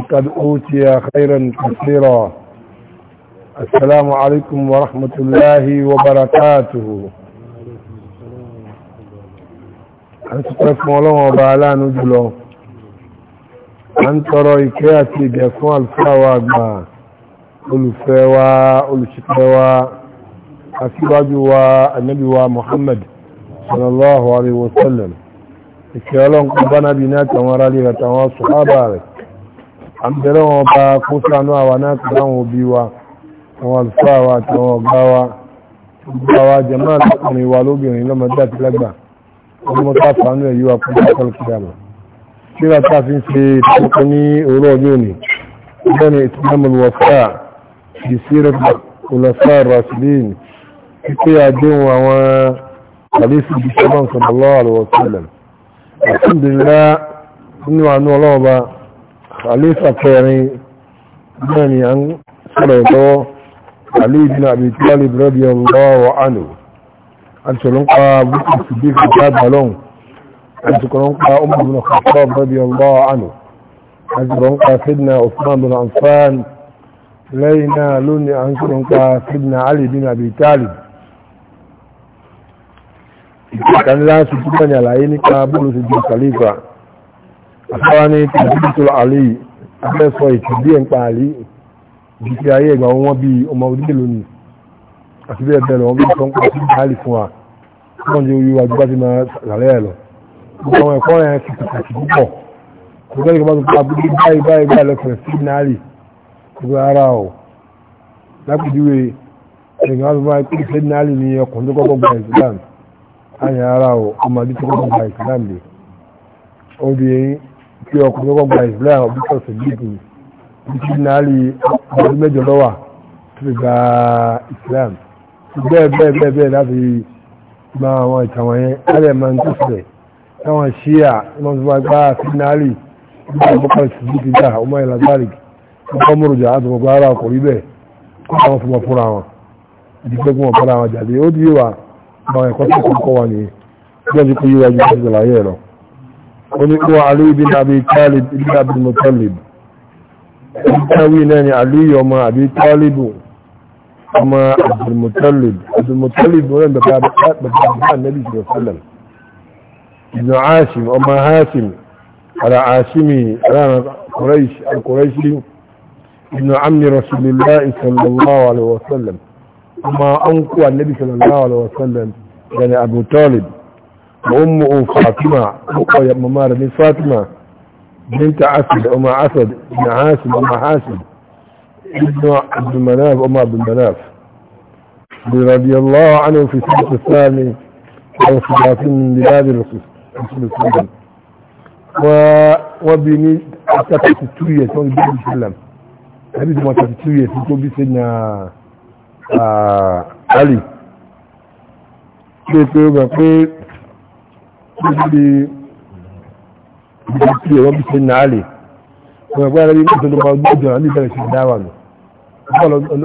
قد أوتي خيرا كثيرا السلام عليكم ورحمة الله وبركاته أنتم مولانا وبعلا نجلو أن ترى إكياتي بأسوى الفاوى olùfẹ́wà olùṣìfẹ́wà aṣíwájú wa annabiwa muhammad sallallahu alaihi wasallam ìkẹ́ ọlọ́nkọ́ bá nábi ní àtàwọn aráàlú àtàwọn sọ̀hábà rẹ̀ àmìtẹ́lẹ́ wọn bá kó sánú àwà náà ti láwọn òbí wa àwọn àlùfáà wa àti àwọn ọ̀gá wa gbogbo àwa jẹ́mọ́ àlùkùnrin wa lóbìnrin lọ́mọdé àti lẹ́gbà ọmọ tá fàánú ẹ̀yí wa fún ìpàkọ́lùkìyàmọ̀ tí wà tá fi ń ṣe ìtàkùn ní òwúrọ̀ ọjọ́ òní bẹ́ẹ̀ni ìtìlámùl wọ̀fà ìṣirò ìlọ́fà rasidin pípé àdéhùn àwọn àlẹ́sì ìbísọ́lọ́ khalifa kẹrin náà ni a ń sọ̀rọ̀ lọ́wọ́ Ali ibn Abi Talib radiyallahu anhu a ti sọ̀rọ̀ ń pa bukú Siddiq jábà lọ́hùn a ti sọ̀rọ̀ ń pa Umar ibn Khattab radiyallahu anhu a ti sọ̀rọ̀ ń pa Sidna Uthman bin Affan lẹ́yìn náà lónìí a ń sọ̀rọ̀ ń pa Sidna Ali ibn Abi Talib ìkànnì láti túbọ̀ ní àlàyé nípa bóòlù ti di khalifa àtàwọn ní tìbítò àlè afẹ́sọ ìtìbí ẹ̀ǹpa àlè ìdíkì ayé ẹ̀gbà wọn bí ọmọ orílẹ̀ lónìí àti bẹ́ẹ̀ bẹ́ẹ̀ lọ wọn bí sọ ń pa sí àlè fún wa wọn jẹ́ oyè wájú bá ti máa sàlẹ̀ ẹ̀ lọ gbogbo àwọn ẹ̀kọ́ yẹn ti pàtàkì púpọ̀ kò gbẹ́ni kọ́mọ́tò pa gbogbo báyìí báyìí báyìí lọ́kẹ̀rẹ̀ sí náàlì gbogbo ara ọ̀ lápìdíwé ẹ̀gbọ́n wọn máa pè sí náàlì ní ọkùnrin tó kọ́kọ́ gba ìsìlámù àyà ara ọ̀ ọmọdé tó kọ́kọ́ gba ìsìlámù lè ó di eyín pé ọkùnrin ọgbọ́n gba islam bíkọ́ sọ̀díìkì bíkí náàlì ọdún mẹ́jọ lọ́wà tó fi gba islam bẹ́ẹ̀ bẹ́ẹ̀ bẹ́ẹ̀ bẹ́ẹ̀ láti gba àwọn ìtàwọn yẹn alẹ́ máa ń tó sílẹ̀ táwọn ṣíà wọ́n fi máa gba sínáàlì nígbà bọ́kọ́ sọ̀díìkì gbà ọmọ ìlà gbàlìkì ọkọ̀ mọ̀rọ̀jà àti gbogbo ara ọkọ̀ rí bẹ́ẹ̀ kó àwọn fún wọn fúnra wọn ìdígbé fún wọn fúnra oníkó Ali bin Abi Talib ibn Abdul Muttalib ìtàwí náà ni Ali ọmọ Abi Talib ọmọ Abdul Muttalib Abdul Muttalib wọ́n bàbá bàbá nẹ́bí sọ̀rọ̀sọ́lẹ̀m ìdùn Hashim ọmọ Hashim ara Hashimi ran al-Quraishi ìdùn amni Rasulillah sallallahu alaihi wasallam ọmọ ọkọ̀ nẹ́bí sallallahu alaihi wasallam gani Abu Talib وأمه فاطمة وقال ممارة من فاطمة بنت أسد أم أسد بن عاسم أم حاسم ابن عبد المناف أم عبد المناف رضي الله عنه في سنة الثاني أو ثلاثين من بلاد الرسول صلى الله عليه وسلم وبني أتت تتوية صلى الله عليه وسلم أبي ما تتوية تتوبي سنة علي كيف يبقى níbi ibi tí ẹ̀rọ bí ṣe náà lè wọ́n ẹ̀gbọ́n ẹ̀rọ bí ṣe ló máa gbọ́jọ àlẹ́ ìbẹ̀rẹ̀ sí dáwà nù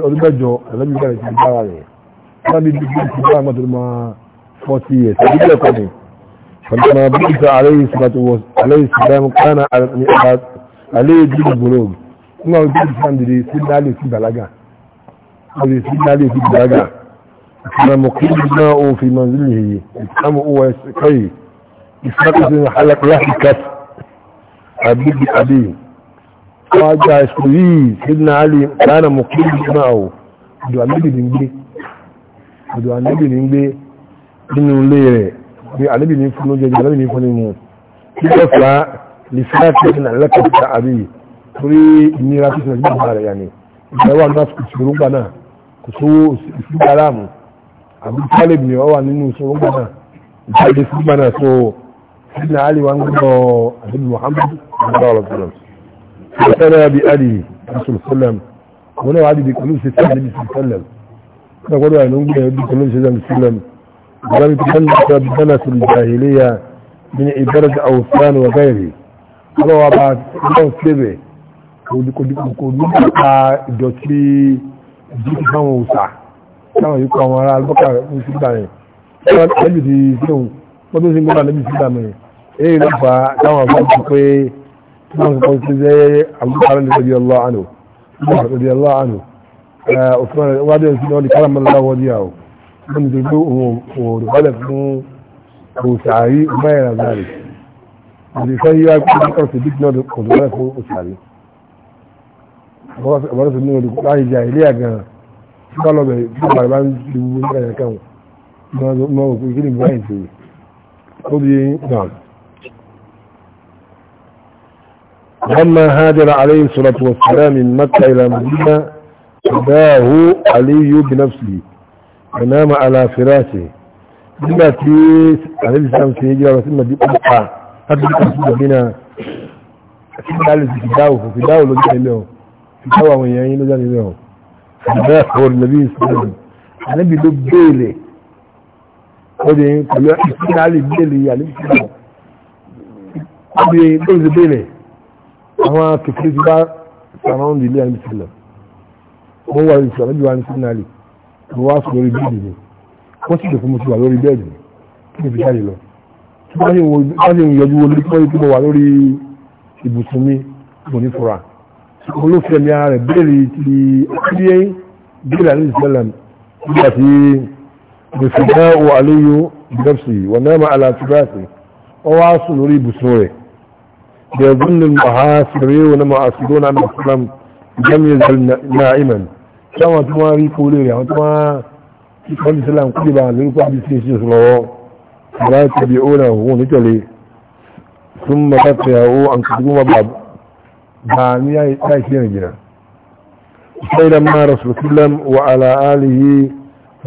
ọdún mẹ́jọ ẹ̀rọ bí bẹ̀rẹ̀ sí dáwà rẹ̀ wọ́n ní bí ṣe dáwà mọ́tò ló máa fọ́tí ẹ̀ tàbí bẹ́ẹ̀ kọ́ ni wọ́n máa bí ṣe àlẹ́ ìsìnkàtò wọ àlẹ́ ìsìnkàtò kánà àlẹ́ ìdílé gbòòrò wọ́n máa bí ṣe àndìrí sí dálé sí ìfẹ́kùsí ní halak rahikat abidi ali wájá ìsìnkú yìí sínú alì lánà mọ̀kúrú máa ò ọdọ̀ anábì ní gbé ọdọ̀ anábì ní gbé nínú ilé rẹ̀ bí anábì ní fún oúnjẹ jẹ anábì ní fún nínú kí ló fà á lè fẹ́kùsí ní alákàtà àbí torí ìnira tó sinmi nígbà rẹ̀ yàní ìgbà wà wà náà سيدنا علي وان قال عبد محمد صلى الله عليه وسلم فأنا بألي رسول الله وانا عادي بيقولون سيدنا النبي صلى الله عليه وسلم كنا قالوا أن نقول بيقولون سيدنا النبي صلى الله عليه وسلم ولم يتمنى بدنة الجاهلية من عبادة أوثان وغيره قالوا بعد الله سيبه kò ní nípa ìjọ tí ìdíkì fáwọn òòsà táwọn yìí kọ àwọn ará alùpàkà ń sí ìgbà yẹn lẹ́yìn tí sí òun wọ́n tó sì ń gbọ́dọ̀ lẹ́yìn sí ìgbà mẹ́rin èyí ló fà táwọn afọ́jú pé wọ́n sọ pé ṣe àbúkárẹ́ lè rẹ̀dí ọlọ́ àánú rẹ̀dí ọlọ́ àánú òfin wádìí òsì náà di kálámọ́lá wọ́dí àwọ̀ wọ́n ni tó òòrùn wálẹ̀ fún òsàárì mẹ́rin àzáre òdì fẹ́ yíwá pé wọ́n sì dìkì náà òòrùn wálẹ̀ fún òsàárì wọ́n sì ní òdì láyé jà ilé àgàn tí wọ́n lọ́bẹ̀ bàrẹ̀ bá ń di gbogbo nígbà yẹn mọ́ òkú kí ni báyìí ṣe ó di náà لما هاجر عليه الصلاة والسلام من مكة إلى مدينة فداه علي بنفسه ونام على فراشه بما في عليه السلام سيجرى وسلم دي قطعة هذا يقصد بنا سيدنا علي فداه فداه لو جاء له فداه ويعين لو جاء له فداه النبي صلى الله عليه وسلم النبي لو بيلي ودي قال سيدنا علي بيلي يعني بيلي àwọn kìfìrí ti bá sàrán di ilé àmì sílẹ̀ wọ́n wà ní ìsìlẹ̀ méjì wà ní sínálì ló wá sùn lórí bíìdì ni wọ́n sì lè fún mo ti wà lórí bẹ́ẹ̀dì ni kí ni fi jáde lọ tí wọ́n sì ń yọjú wo lórí pọ́lí tí mo wà lórí ibùsùn mi mo ní fura olófin ẹ̀mí ara rẹ̀ béèrè ti akíyé béèrè àti ìsìlẹ̀ nígbà tí gbèsè náà wà léyò ìdọ́sì wọ̀n náà máa àlàáfíà sí ọ wá sùn lórí ibùsùn rẹ̀ يظن المحاسرون معاصرون عن الإسلام لم يزل نائما كما تماري كوليريا وتما كل سلام كل بعض يقع بسيسيس الله لا يتبعونه نتلي ثم قطعه أن تقوم بعض دعني لا يشين جنا سيد ما رسول الله وعلى آله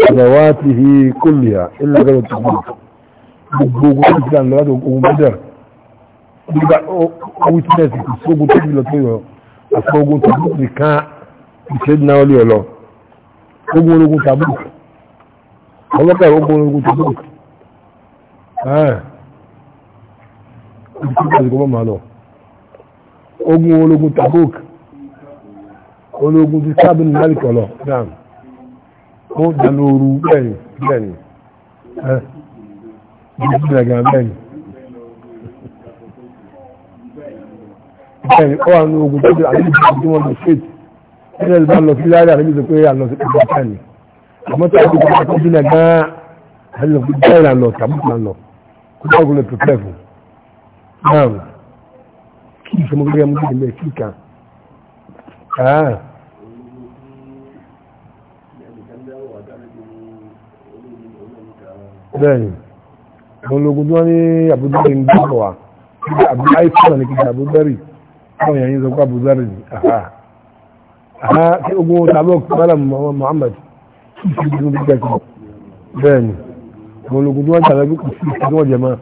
وذواته كلها إلا قد تقوم بقوة الإسلام لا تقوم بدر nígbà witness kò sógun tó bí lọ tó yọ àfọwọ́gun tó bí nìkan ìṣẹ́jú náà lè lọ ogun ológun Tabuk ọlọ́pàá ogun ológun Tabuk ogun ológun Tabuk ológun ti sábìn malik ọlọ dam ó dànù ooru bẹ́ẹ̀ni bẹ́ẹ̀ni ẹ jù sílẹ̀ gan bẹ́ẹ̀ni bẹ́ẹ̀ni ó wà ní ogun tó ti àlejò tí wọ́n lọ straight ẹni ẹni bá lọ sí láàrin àlejò tó pé àlọ sí ìgbà kan ni àmọ́ tí a ti kọ́ ọkọ̀ sílẹ̀ gan-an àlejò tó bẹ́ẹ̀ là lọ tàbí tó lọ kó bá wọlé prepare fún náà kí ìfọmọgbẹ́gbẹ́ mú ìdílé kí kan ah bẹ́ẹ̀ni àwọn ológun tí wọ́n ní àbújá ń gbọ́ wa kíkà àbúrò àìsàn ní kíkà àbúrò bẹ́rì àwọn èèyàn yìí sọ pé àbúrò bẹ́rì ni àhá àhá tí ogun tàbí ọ̀kùnrin Muhammad kí ìṣègùn bí kẹ́kọ̀ọ́ bẹ́ẹ̀ ni àwọn ológun tí wọ́n jà lẹ́gbẹ̀ẹ́ kò sí ìṣègùn wọn jẹ mọ́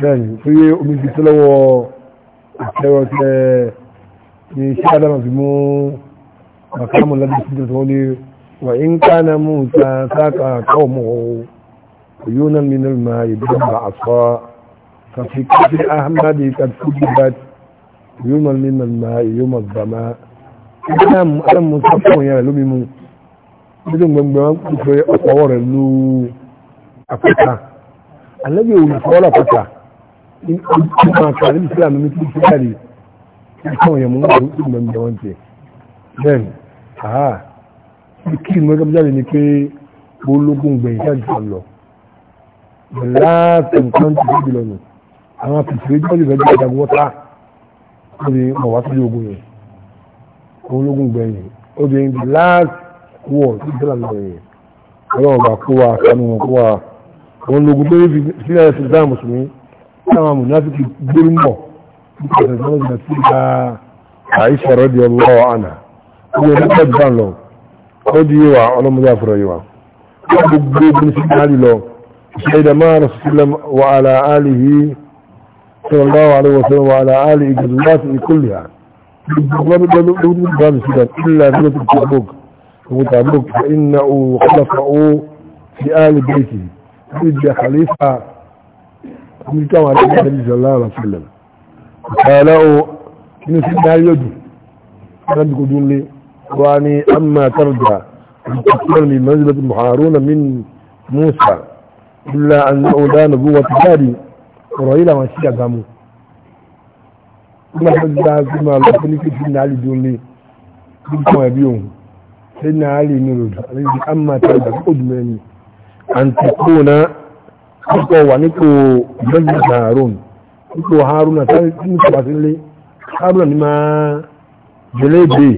bẹ́ẹ̀ ni tó yé omi ti tó lọ́wọ́ àtẹ́wọ́ tẹ́ ni iṣẹ́ adama fi mú makamu lẹ́dí sí ìjọba ní wà ń kánà mú ta sáka káwọn mọ̀ òyónà mi náà máa ففي كتب أحمد قد كتبت يوما من الماء يوم الظماء أنا أنا مصطفى يا لومي مو بدون ما نقول أصور لو أفتح الذي هو يقول أفتح ما كان الإسلام مثل كذي أصور يا مو بدون ما نقول then ah kí ni mo gbọ́dọ̀ jáde ni pé ológun gbẹ̀yìn jáde sọ the last encounter ti dé àwọn pìtìrì jọ́ọ̀lì rẹ̀ jẹ́ ìjàgbọ́ ta ó di mọ̀ wá sílé ogun yẹn òun lógun gbẹ̀yìn ó di the last war tí ìjọba lọ yẹn ọlọ́run bá kó wa sanu wọn kó wa òun lógun tó yẹ fi sílẹ̀ ẹ̀sìn islam mùsùlùmí táwọn amúnáfíkì gbórí mọ̀ nípa ẹ̀sìn islam mùsùlùmí sí ìgbà àìsàn rẹ̀ di ọlọ́wọ́ àná ó yẹ nípa ìgbà lọ ó di yíwa ọlọ́mọdé àfọ̀rọ̀ yíwa ó gbogbo ogun sí ìgbà lọ ṣe ìdàmọ́ àrùn sílẹ̀ wà صلى الله عليه وسلم وعلى آله إجراته كلها إلا ذلك التبوك وتبوك فإنه خلفه في آل بيته إذا خليفة من كما النبي صلى الله عليه وسلم له إن سيدنا يدو لم يقولون لي واني أما ترجع أن تكون من منزلة محارون من موسى إلا أنه لا نبوة تاري ọ̀rọ̀ yìí làwọn sí àgbà mu nígbà tó ti dáa sí máa lọ sí ní kéjì ní àlè tó lé níbi kan ẹ̀bí òun ṣé ní àlè ní ròdù àlejò á máa tẹ dùn ẹni àǹtíkó náà púpọ̀ wà nípò ìgbẹ́jì Harun nípò Haruna táwọn tí mo tọ́ba sí lé Haruna ni máa jẹlé ìbéè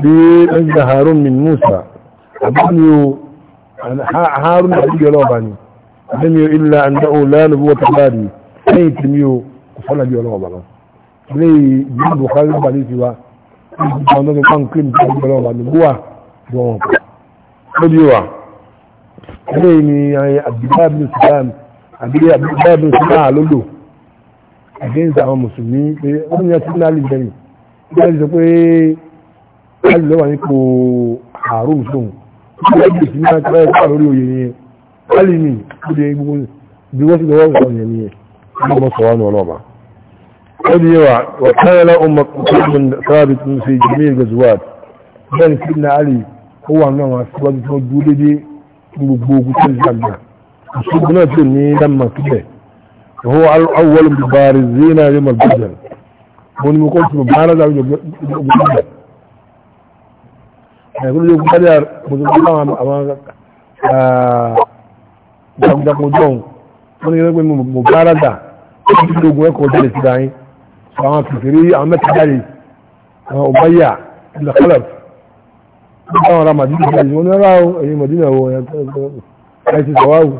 bí ẹgbẹ́ Harun min Musa àbúrò Haruna àbúrò ọba ni àdémiyo ilà àndáwò lánàá bí wọ́n ti bá rí lẹ́yìn tí mi ò kò fọ́nà bí ọlọ́wọ́ bàbá lẹ́yìn bí Buhari bá ní tiwa ìgbà ọ̀nà nípa nkíni tí wọ́n bẹ̀rẹ̀ wà ní búwa bí wọ́n kọ́ lórí wa lẹ́yìn ni Abdullahi bin Sudan Abdullahi bin Sudan lódò against àwọn mùsùlùmí pé ó ní ọtí náà lè bẹ̀rẹ̀ ìgbà ìsọ pé alùlọ́wà nípò àrùn sóhun ó lẹ́yìn ìsinmi náà kọ́ ẹ̀kọ́ lórí oyè yẹn alì ní ìdè gbogbo bí wọ́n ti lọ́wọ́ ìsọ̀rọ̀ yẹn nìyẹn bí wọ́n sọ̀rọ̀ ní ọlọ́ọ̀bà ó di yawa wa kayan la'umma kusurin sabit tun fi jami'ar gazuwat bẹ́ẹ̀ ni na alì ó wà náà wá síwájú tí wọ́n dúró dédé gbogbo ogun tó ń sàgbà ìṣubú náà tó ní lámà sílẹ̀ ìhó awwal bari zina yóò máa gbọ́dọ̀ mo ní mo kọ́ sí bàbá alága ogun gbọ́dọ̀ jagunjagun jọun wọ́n ní ẹgbẹ́ mo bá rádà wọ́n ti gbogbo ẹ̀kọ́ jẹ́lẹ̀ sí dáyín àwọn kìfìrí àwọn mẹ́ta jáde àwọn ọ̀báyà ilẹ̀ kọlọ̀f wọ́n bá wọn ra màdínà jáde wọ́n ní ara ẹ̀yìn màdínà wọ ẹ̀yìn ti sọ̀wáwù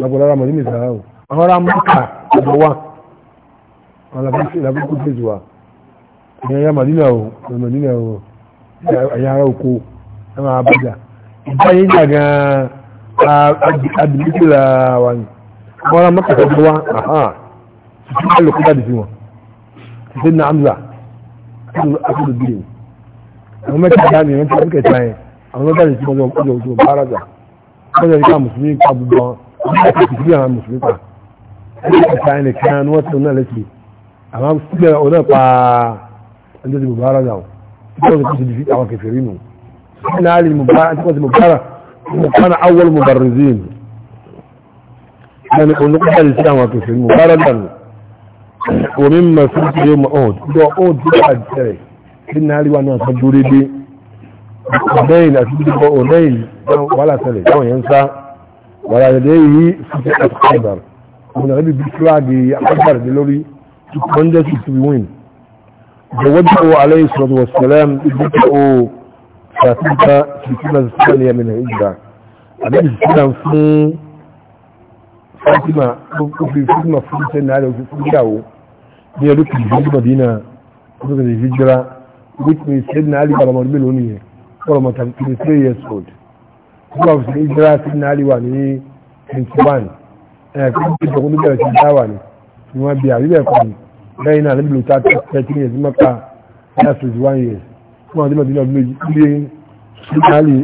lọ́gbọ̀n ara màdínà sọ̀wáwù àwọn ará mọ́kà ọ̀dọ̀ wa àwọn làbíkú fèjì wa adìmítì la wà ní wọ́n rá mọ́kàtà tó wá àhán tí wọ́n lò kúta dìsí wọn ṣe ní amza akúrò bíi ní àwọn mẹ́ta dá ní ẹ̀ńtí àbíkẹ̀tà yẹn àwọn mẹ́ta dìsí wọn ọjọ́ òjò bára jà wọ́n yẹn ká mùsùlùmí pa gbogbo wọn wọ́n yẹn ká mùsùlùmí àwọn mùsùlùmí pa ẹ̀ńtí yẹn nìkan ni wọ́n ti náà lẹ́sìn àwọn sílẹ̀ ọ̀nà pa ẹ̀ńtí bùbára jà wọn tí wọ́n ti fi àwọn kẹfẹ́ rí nù وكان أول مبرزين يعني يقول لك هذا الإسلام وكفر مباردا ومن مسيرة يوم أود دو أود دو أحد سري كنا لي وانا سجوري دي أونين أسجد أونين ولا سري دو ينسى ولا يديه سجد قدر من غبي بسلاقي أكبر دلوري تكون جاسي تبوين جوده عليه الصلاة والسلام يبدأ ṣàfihàn fìtínà sílẹ̀ mìíràn ìjìdá àbẹ́bí fìtínà fún fátímà òfin fìtínà fún sẹ́nà àrẹ òfin fún ìyàwó ní ọdún kìí fún mọ̀dínà òfin kìí fi jira which means sẹ́nà àrẹ wà lọ́mọdún mélòó nìyẹn fọ́rọ̀ mọ̀tà kìí three years old nígbà òfin kìí jira sẹ́nà àrẹ wà ní twenty one ẹ̀ kí wọ́n ti dọ̀kún tó bẹ̀rẹ̀ sí dáwà ni ni wọ́n bí àríwẹ̀ kọ́ni lẹ́yìn náà níbi lóta thirteen years mọ́ta that's twenty one years fún àdé màdínà méjì ilé ìtàlì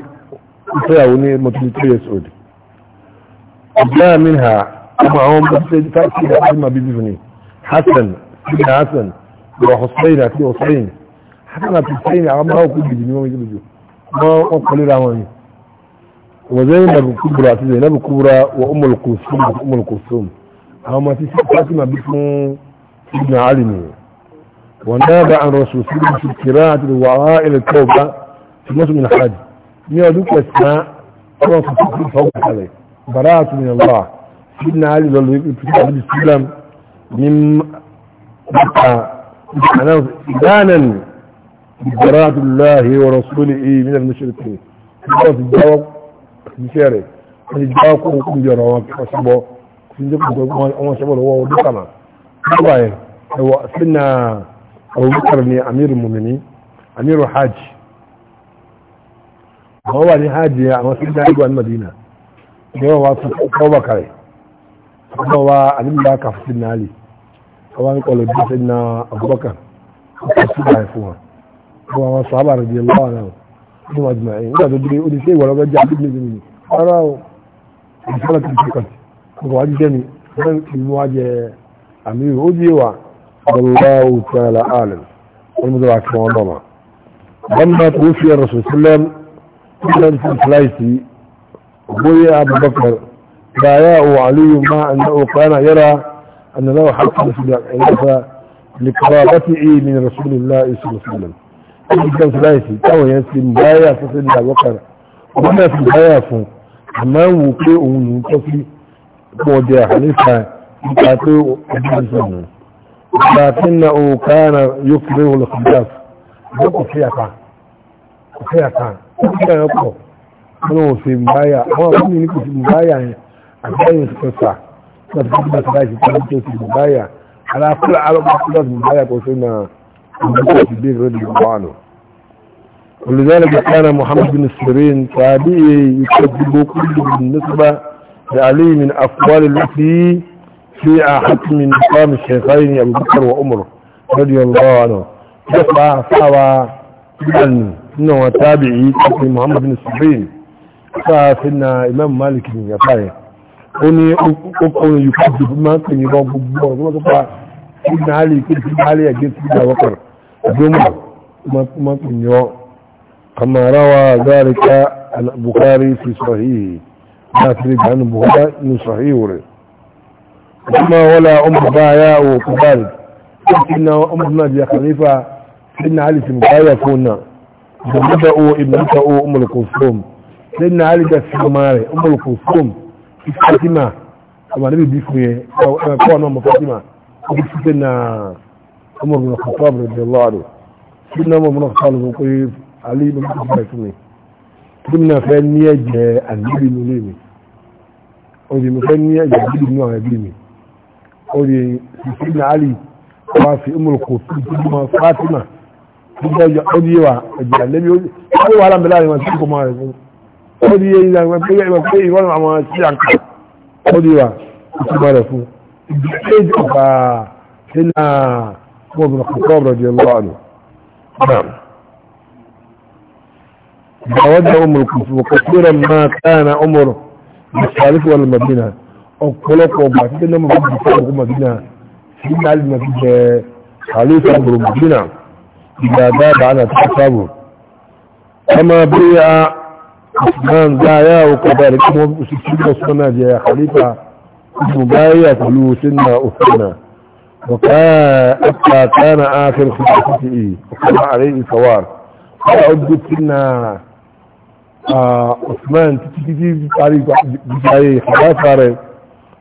ìfẹ́yàwó ní mọ̀tìlì three years old ọ̀gá mi ha ọmọ àwọn ọmọ tó ṣe táàkì ìdá àti màbí bíbí ni Hassan sílẹ̀ Hassan ìwà Hussein àti Hussein Hassan àti Hussein àwọn ọmọ òkú bìbì ni wọ́n méjì bìbì wọ́n kọ́ lé ra wọn ni وزينب الكبرى àti Zainab الكبرى وأم الكلثوم أم الكلثوم àwọn ọmọ tí Fatima bí fún Ibn Ali ونابع عن رسول الله في الكراعة الوراء إلى التوبة في نصف من الحج يدوك أسماء الله سبحانه فوق عليه براءة من الله سيدنا علي رضي الله عنه وسلم من إدانا براءة الله ورسوله من المشركين الله الجواب بشارة ìjọ الجواب kún jọ ọ̀rọ̀ wọn kí wọ́n ṣubọ́ kí wọ́n ṣubọ́ lọ́wọ́ ọdún kàmá. abubakar ne amirul mumini amirul hajji àwọn wà ní hajji a masu ìdá ìgbà ní madina yawan wa su kọba kare kuma wa alim da aka fi na ali kawa ni kwalobi sai na abubakar a su da haifuwa kuma wa sahaba radiyallahu anhu ni ma jima'in ina da dure odi sai wala gaji abin ne fara o in sala kan ko wa jami nan ilmu je amiru odiyewa والله تعالى أعلم والمدرعة كمان لما توفي الرسول صلى الله عليه وسلم كان في أبوي أبو بكر بايعه علي مع أنه كان يرى أن له حق في الخلافة لقرابته من رسول الله صلى الله عليه وسلم كان ثلاثي كان يسلم بايع في سيدنا أبو بكر وما في بايع فيه أما وقيعه من تصفي بودي حليفة يقاتل أبو لكنه كان يكره الخلاف يقول فيها كان فيها كان كان يقول ọlọ́run ṣe mbáyà àwọn akọ́ni ní kò sí mbáyà yẹn àgbáyìn sọ́sà láti fi bá ṣe láti fi tó sí mbáyà aláfúlà alọ́gbọ́n láti mbáyà kò sí na ìdíkọ̀ sí bí rẹ̀ lè wà nù. olùdarí kánà muhammad bin sirin tàbí yìí yìí kọ́ gbogbo kúrò nígbà da aliyu min akwari lọ́sí في حكم مقام الشيخين أبو بكر وعمر رضي الله عنه يطلع صعبا أنه تابعي في محمد بن السبعين فإن إمام مالك بن يطايا أني أقوم يكذب ما كان يرون ببور وطبعا ابن علي كل ابن علي أجل سيدنا وقر جمعة ما كان يرون كما روى ذلك البخاري في صحيح ما تريد عن البخاري من ورئي أما ولا أم بايا وكبار إن أمنا يا خليفة إن علي سمبايا كنا بمدأوا ابنته أم الكلثوم لأن علي ده سماري أم الكلثوم فاطمة أما نبي بيكوية أو أنا كون أم فاطمة سيدنا عمر بن الخطاب رضي الله عنه سيدنا عمر بن الخطاب يقول علي بن أبي طالب سيدنا فانية جاء النبي نليمي ودي مفانية جاء النبي نوع نليمي orí ìsinmi alì wá fi ìmúrùkù tó dúdúmọ̀ fatima gbogbo ọdíyẹwà ẹ̀jẹ̀ lẹ́bí ó wà láàmì láàrin wọn tí kò máa rẹ̀ fún ọdíyẹ ìlànà pé ẹgbẹ̀ pé ìwọ́n àwọn sí àǹkà ọdíyẹwà tó máa rẹ̀ fún ìdíje ìjọba sílá fún ọdún kọ̀ọ̀kọ̀ ọ̀rọ̀ di ọlọ́ àlù ìgbàwọ́dà ọmọrùkù fún ọkọ̀ tí ó rẹ̀ máa káà na ọmọrù ìsàlẹ̀ fún ọlọ́mọdé náà ọ̀pọ̀lọpọ̀ ọgbà títí lọ́mọ bá ti fọ́ọ̀kú madina sí láàrín ma ti jẹ àlóṣà gbòrò madina ìgbàgbà bàánà tó sábò ọmọ bí a man gáyà ọkọ̀ bá rẹ̀ kí wọ́n sì kí wọ́n sọ náà jẹ àlífà ìgbò gáyà pẹ̀lú sínú òfìnà ọ̀ká ẹ̀ka kánà ákẹ́rẹ́ fún ìfúti ì ọ̀ká àrẹ ìfọwàr ọ̀ká títí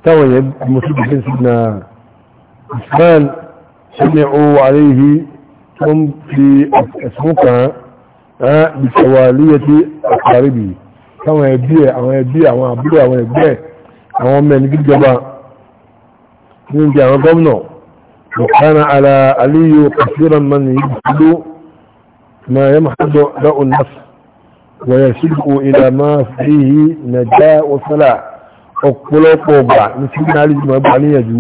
توي المسلم بن سيدنا عثمان سمعوا عليه هم في اسمك بشوالية أقاربه كما يبيع أو يبيع أو يبيع أو يبيع أو من جدبا من جاء قمنا وكان على علي كثيرا من يجحد ما يمحد له النفس ويسبق إلى ما فيه نجاة وصلاح ọ̀pọ̀lọpọ̀ ọgbà ní tí ní alẹ́ ìgbìmọ̀ ọgbà níyànjú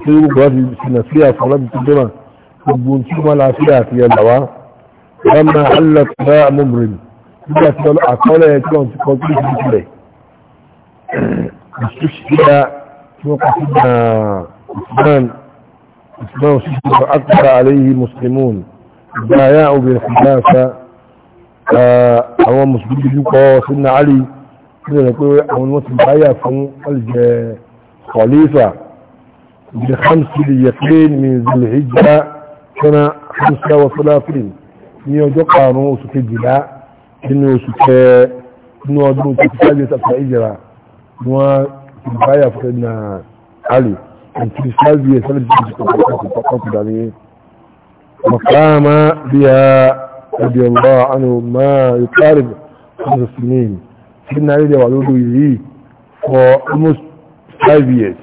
tí ó gbọ́ ti sinà sí àfọlọ́bì tó dọ́nà gbogbo tí wọ́n la sí àti ẹ̀là wá lọ́nà alẹ́kùnrin amúmùrìn nígbà tí àkọọ́lẹ̀ tí wọ́n ti kọ́ tó ti tilẹ̀ ìṣúṣìṣẹ́ tí wọ́n kọ́ sí ìsìmán ìsìmán òṣìṣẹ́ tó àkàrà àlẹ́yìí mùsùlùmún ìgbà yá obìnrin fìdá àwọn mùsùlùmí kọ́ sínú àlẹ́yìí ní ọ̀rọ̀ pé àwọn wọn ti báyà fún ọlùjẹ kọlífà bí hamsi lè yẹ pé ní zulhijja sọ́nà hamsa wa sọ́láfìn ní ọjọ́ karùn-ún oṣù kejìlá nínú oṣù kẹ nínú ọdún tó ti sáyé sàfà ìjìrà ni wọ́n ti báyà fún ẹ̀nà alì àti sáyé sọ́nà ìjìrà tó kọ́kọ́ kọ́kọ́ kọ́kọ́ dání مقام بها رضي الله عنه ما يقارب خمس سنين tí náà rí lórí yìí for almost five years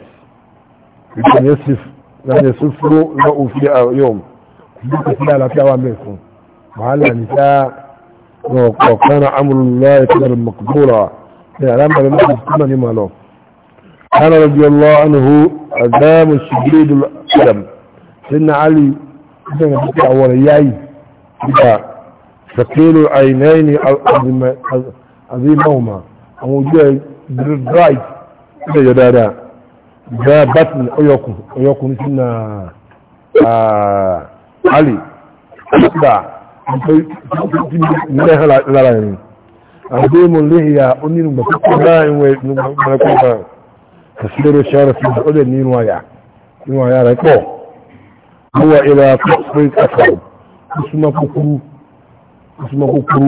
ìtàn yẹsif náà yẹsif ló lọ òfin àyọm ìlú kò sí àlàáfíà wà mẹ́ẹ̀ fún wàhálà níta ọ̀kan amúlùlá ìtàn mọ̀kúbúrà ní àlámàlú náà kò الله عنه عذاب الشديد الألم سيدنا علي سيدنا بكى أول àbí náà àwọn ojú ẹ bright ilé yọ dáadáa gbẹ́ bátìlì ọyọkùn ọyọkùn sí na alì gbà nílẹ̀ hàn lára ẹ̀rìn àbí mo léhìyà onírùngbà tó kọ́ náà ìwẹ̀ ìgbàlẹ́kọ̀ọ́ náà kàṣílẹ̀rẹ̀ ṣẹ́rẹ̀ sí ọdẹ nínú àyà nínú àyà rẹ̀ pọ̀ àwọn ìlà kọ́ pé kàkàrọ̀ ó súnmọ́ kúkúrú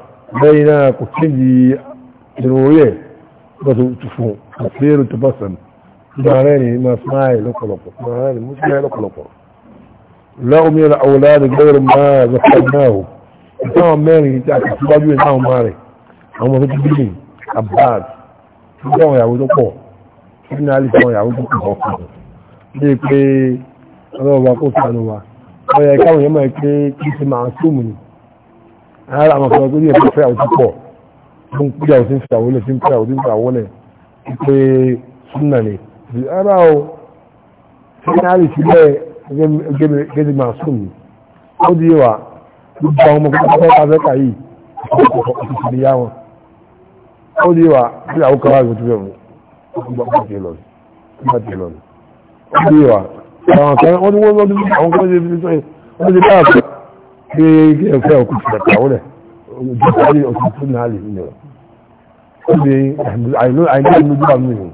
lẹ́yìn náà kò kéjì ìròyẹ̀ lọ́tọ̀ fún àfihàn tó bá sàn máa rẹ̀ ní máa smile lọ́pọ̀lọpọ̀ máa rẹ̀ ní múṣẹ́ lọ́pọ̀lọpọ̀ láwọn mìíràn àwòláàdì gẹ́gẹ́rẹ́ máa zọ́fẹ́ náà o ìtàwọn mẹ́rin tí a kà síwájú ẹ̀ náà máa rẹ̀ àwọn ọmọ tó bí abad tó jẹ́ àwọn ìyàwó tó pọ̀ tó ní alẹ́ fún ìyàwó tó pọ̀ ọkùnrin bí i pé ọlọ́wọ́ wa kó sànù wa ọ̀yà ìkáwọn yẹn máa pé kí n ti máa súnmù ni ara àwọn ọ̀sán gbẹ́dẹ̀ tó fẹ́ àwọn tó pọ̀ tó ń pè àwọn tí ń fi àwọn ilẹ̀ ń pè àwọn tí ń fi àwọn ilẹ̀ pé súnà ni ara o sẹ́nárì sílẹ̀ gẹ́gẹ́ máa sùn mi ó di wà gbogbo àwọn ọmọkùnrin tó fẹ́ fẹ́ kà yìí ìfọ̀kọ̀ ti yá wọn ó di wà bí àwọn kan wà lójú ẹ̀mú gbogbo àti ìlọ ni ó di wà àwọn kan wọ́n ti wọ́n lọ́dún àwọn kan wọ́n ti fi pé ẹ̀fẹ́ ọkùn ti ẹ̀ka ó rẹ̀ ojúkọ́lé ọ̀sùn tó náà lè nílò ó lè àìní ìmújú àmì ìrìn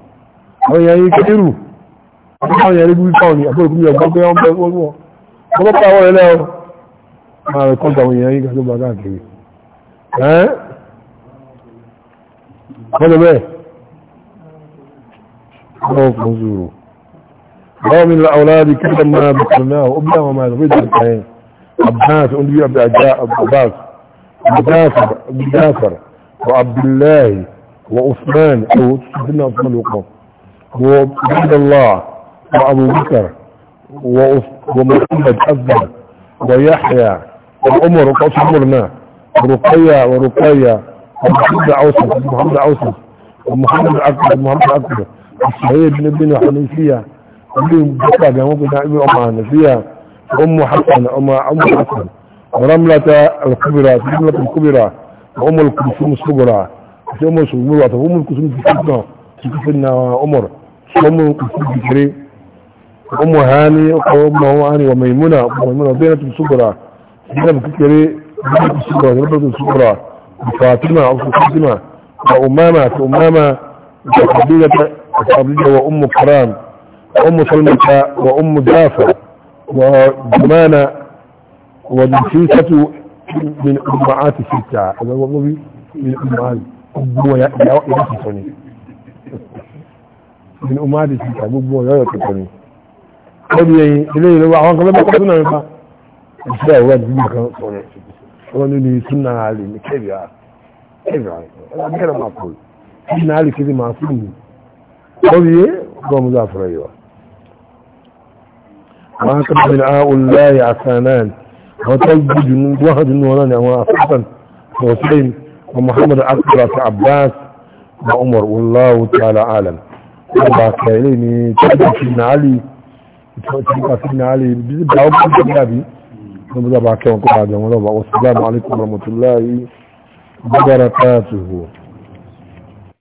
àwọn èèyàn yìí kérù àwọn èèyàn rí wípé ọ̀nì àbúrò kúrò ọgbọ́n pé wọ́n bẹ́ wọ́n wọ́n wọ́n pa àwọn ẹlẹ́ ọ máa rẹ̀ kọ́ńtà àwọn èèyàn yìí gàdó bá káàkiri عباس أنبي عبد عباس مجافر مجافر وعبد الله وعثمان أو سيدنا عثمان وقف وعبد الله وأبو بكر ومحمد أزهر ويحيى وعمر وقف عمرنا ورقية ورقية ومحمد عوسف ومحمد عوسف ومحمد أكبر ومحمد أكبر الصحيح بن ابن حنيفية ومحمد أكبر ومحمد أكبر ومحمد أكبر أم حسن أم أم حسن ورملة الكبرى رملة الكبرى أم الكلثوم الصغرى أم الصغرى أم الكلثوم تكفنا تكفنا عمر أم الكلثوم الكبرى أم هاني وأم هاني وميمونة وميمونة بينة الصغرى زينة الكبرى بينة الصغرى بينة الصغرى فاطمة أو فاطمة وأمامة أمامة وقبيلة وأم كرام وأم سلمة وأم جعفر وجمانة ونفيسة من أمعات ستة من أمعات أبوة يأتفني من أمعات ستة أبوة يأتفني قبل إليه لو أعوان قبل ما قلتنا يبا الشيء هو أنه كان صنع وأنه لي سنة علي كيف يا كيف يا أنا بكرة ما أقول سنة علي كذي معصومي قبل قوم زافر أيوه wọ́n kọ́ bí àwọn láyé àsánán wọ́n tó gbùdù wọ́n dùn wọn ní àwọn afẹ́sàn hussein wa muhammad abdullahi àti abbas wa umar wallahu ta'ala alam wọ́n bá kẹ́lẹ́ ní tọ́jú sí nàálì tọ́jú sí nàálì bí i bá ọkọ̀ tó dàbí wọ́n bá kẹ́wọn kọ́ bá jẹun lọ́wọ́ wasu alaikum warahmatullahi wabarakatuhu